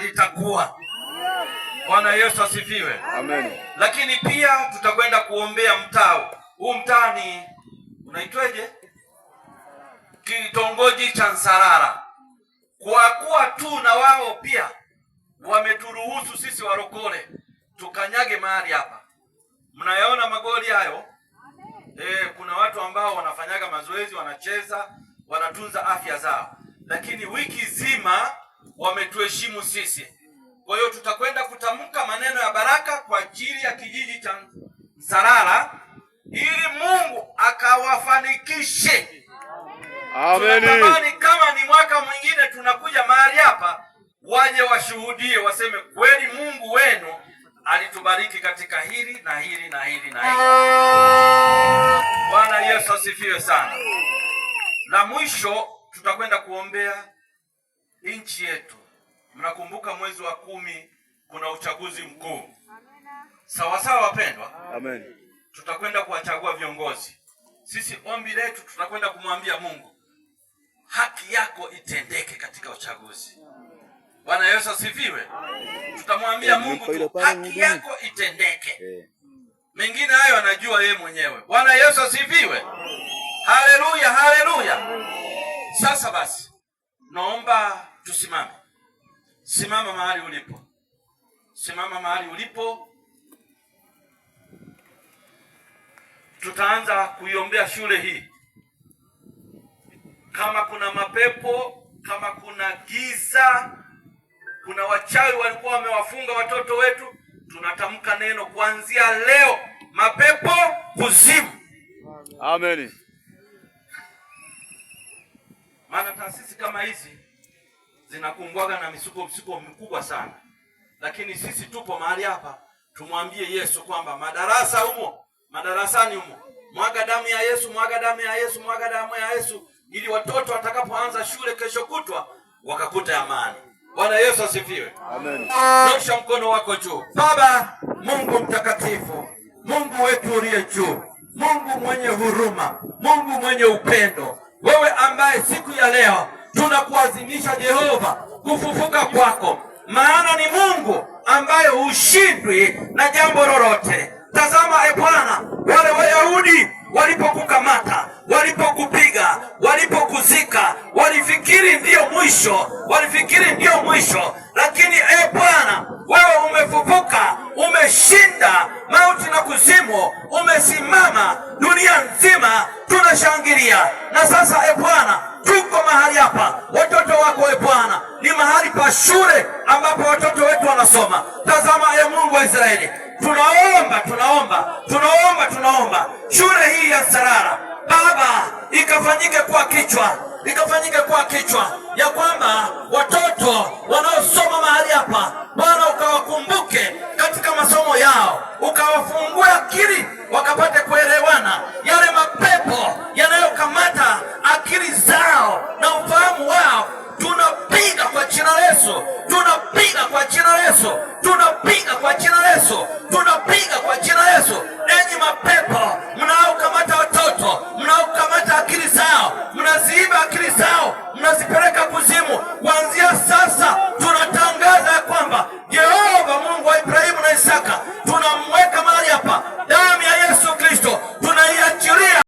na litakuwa. Bwana Yesu asifiwe, amen. Lakini pia tutakwenda kuombea mtaa huu. Mtaa ni unaitweje? Kitongoji cha Nsarara. Kwa kuwa tu na wao pia wameturuhusu sisi warokole tukanyage mahali hapa, mnayaona magoli hayo E, Kuna watu ambao wanafanyaga mazoezi, wanacheza, wanatunza afya zao, lakini wiki zima wametuheshimu sisi. Kwa hiyo tutakwenda kutamka maneno ya baraka kwa ajili ya kijiji cha Nsalala ili Mungu akawafanikishe. Amen. Tunatamani kama ni mwaka mwingine tunakuja mahali hapa, waje washuhudie, waseme kweli Mungu wenu alitubariki katika hili na hili na hili na hili. Bwana Yesu asifiwe sana. La mwisho tutakwenda kuombea nchi yetu. Mnakumbuka mwezi wa kumi kuna uchaguzi mkuu, sawasawa wapendwa? Amen. Tutakwenda kuwachagua viongozi. Sisi ombi letu tutakwenda kumwambia Mungu, haki yako itendeke katika uchaguzi. Bwana Yesu asifiwe. Tutamwambia Mungu tu, haki yako itendeke. Eh. Mengine hayo anajua yeye mwenyewe. Bwana Yesu asifiwe. Haleluya, haleluya. Sasa basi naomba tusimame. Simama mahali ulipo, simama mahali ulipo. Tutaanza kuiombea shule hii. Kama kuna mapepo, kama kuna giza, kuna wachawi walikuwa wamewafunga watoto wetu, tunatamka neno kuanzia leo, mapepo kuzimu. Amen. taasisi kama hizi zinakumbwaga na misuko misuko mikubwa sana, lakini sisi tupo mahali hapa, tumwambie Yesu kwamba madarasa humo, madarasani humo, mwaga damu ya Yesu, mwaga damu ya Yesu, mwaga damu ya Yesu, ili watoto watakapoanza shule kesho kutwa wakakuta amani. Bwana Yesu asifiwe, amen. Nyosha mkono wako juu. Baba Mungu mtakatifu, Mungu wetu uliye juu, Mungu mwenye huruma, Mungu mwenye upendo wewe ambaye siku ya leo tunakuazimisha Jehova kufufuka kwako, maana ni Mungu ambaye hushindwi na jambo lolote. Tazama e Bwana, wale Wayahudi walipokukamata, walipokupiga, walipokuzika, walifikiri ndiyo mwisho dunia. Na sasa e Bwana, tuko mahali hapa, watoto wako e Bwana, ni mahali pa shule ambapo watoto wetu wanasoma. Tazama e Mungu wa Israeli, tunaomba tunaomba tunaomba tunaomba, shule hii ya Sarara Baba ikafanyike kuwa kichwa ikafanyike kuwa kichwa ya kwamba watoto wanaosoma mahali hapa